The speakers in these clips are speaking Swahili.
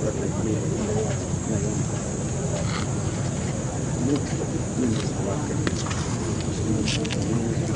Thank you.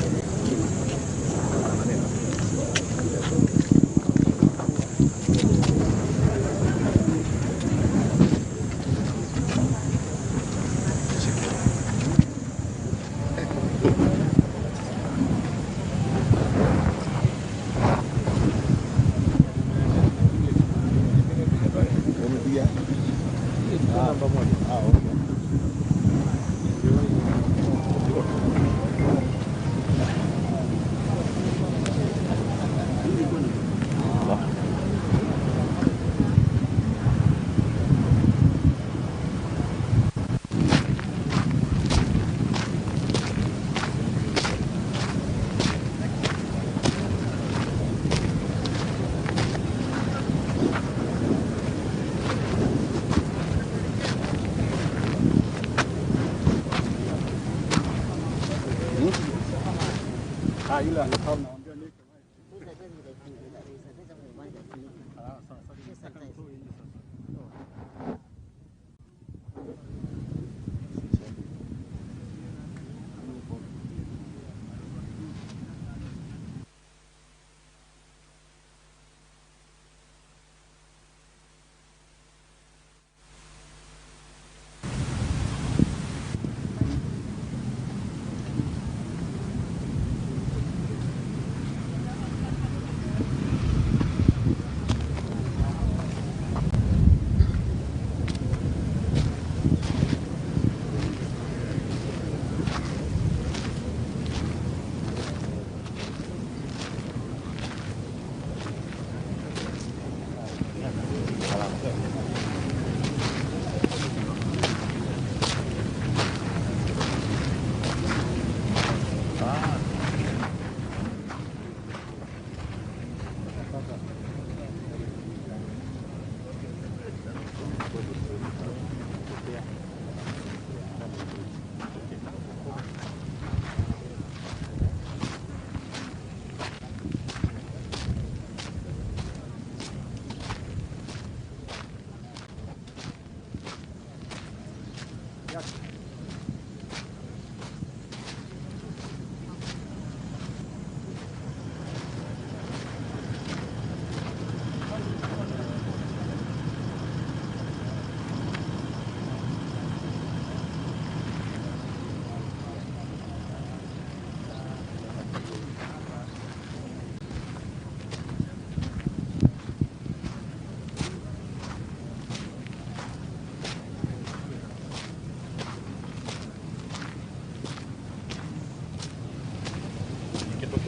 Bismillah.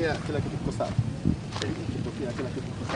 pia kila kitu kiko sawa, kitu pia kila kitu kiko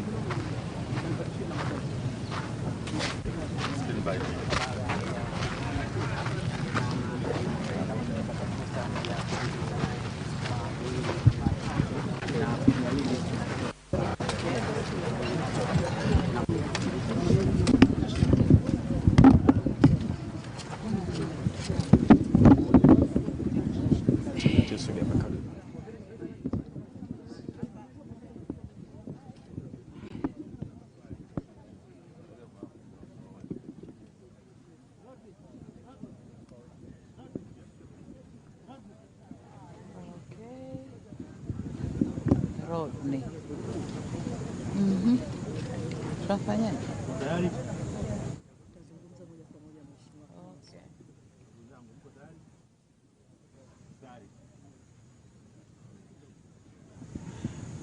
Tutafanyaje?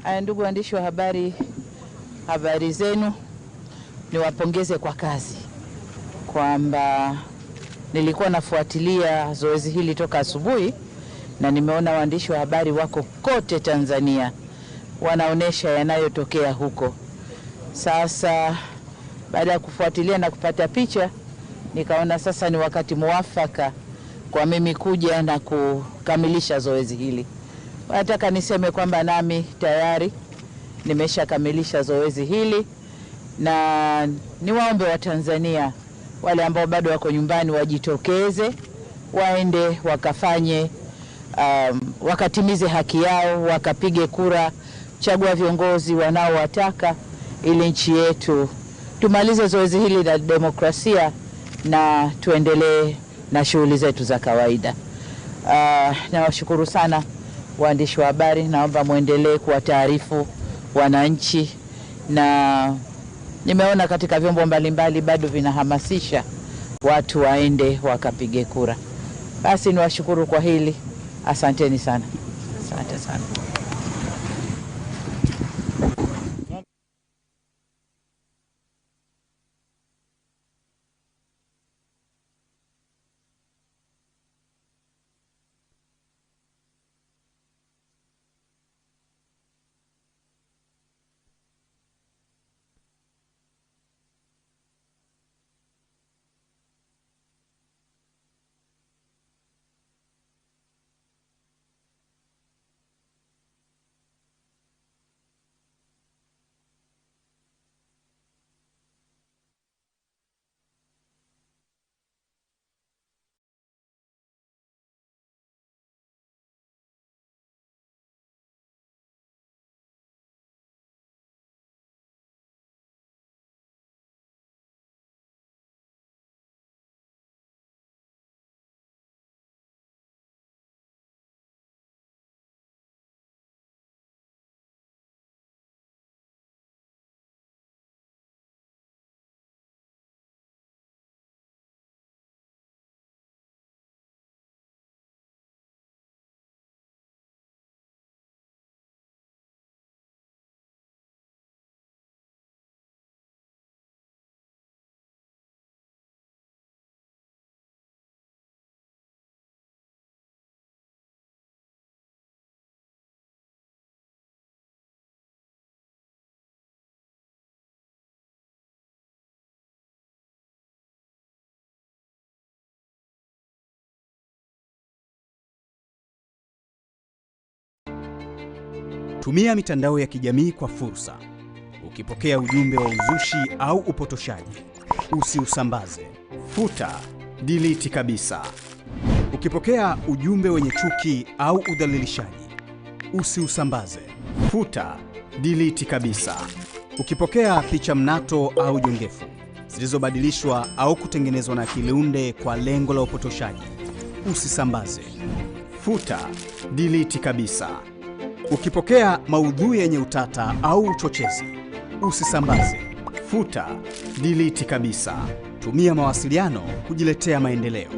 Aya, ndugu waandishi wa habari, habari zenu. Niwapongeze kwa kazi, kwamba nilikuwa nafuatilia zoezi hili toka asubuhi na nimeona waandishi wa habari wako kote Tanzania wanaonesha yanayotokea huko. Sasa baada ya kufuatilia na kupata picha, nikaona sasa ni wakati mwafaka kwa mimi kuja na kukamilisha zoezi hili. Nataka niseme kwamba nami tayari nimeshakamilisha zoezi hili, na niwaombe Watanzania wale ambao bado wako nyumbani wajitokeze, waende wakafanye um, wakatimize haki yao, wakapige kura, chagua viongozi wanaowataka ili nchi yetu tumalize zoezi hili la demokrasia na tuendelee na shughuli zetu za kawaida. Uh, nawashukuru sana waandishi wa habari, naomba mwendelee kuwataarifu wananchi, na nimeona katika vyombo mbalimbali bado vinahamasisha watu waende wakapige kura. Basi niwashukuru kwa hili, asanteni sana, asante sana. Tumia mitandao ya kijamii kwa fursa. Ukipokea ujumbe wa uzushi au upotoshaji, usiusambaze. Futa, diliti kabisa. Ukipokea ujumbe wenye chuki au udhalilishaji, usiusambaze. Futa, diliti kabisa. Ukipokea picha mnato au jongefu zilizobadilishwa au kutengenezwa na kiliunde kwa lengo la upotoshaji, usisambaze. Futa, diliti kabisa. Ukipokea maudhui yenye utata au uchochezi, usisambaze, futa, diliti kabisa. Tumia mawasiliano kujiletea maendeleo.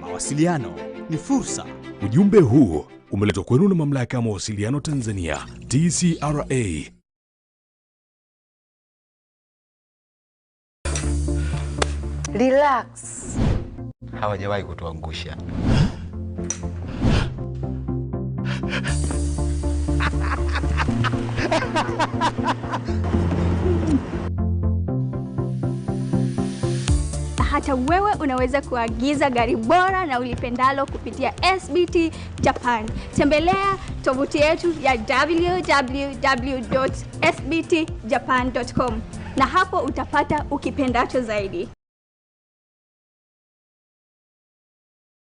Mawasiliano ni fursa. Ujumbe huu umeletwa kwenu na Mamlaka ya Mawasiliano Tanzania, TCRA. Relax. Hawajawahi kutuangusha. Hata wewe unaweza kuagiza gari bora na ulipendalo kupitia SBT Japan. Tembelea tovuti yetu ya www.sbtjapan.com na hapo utapata ukipendacho zaidi.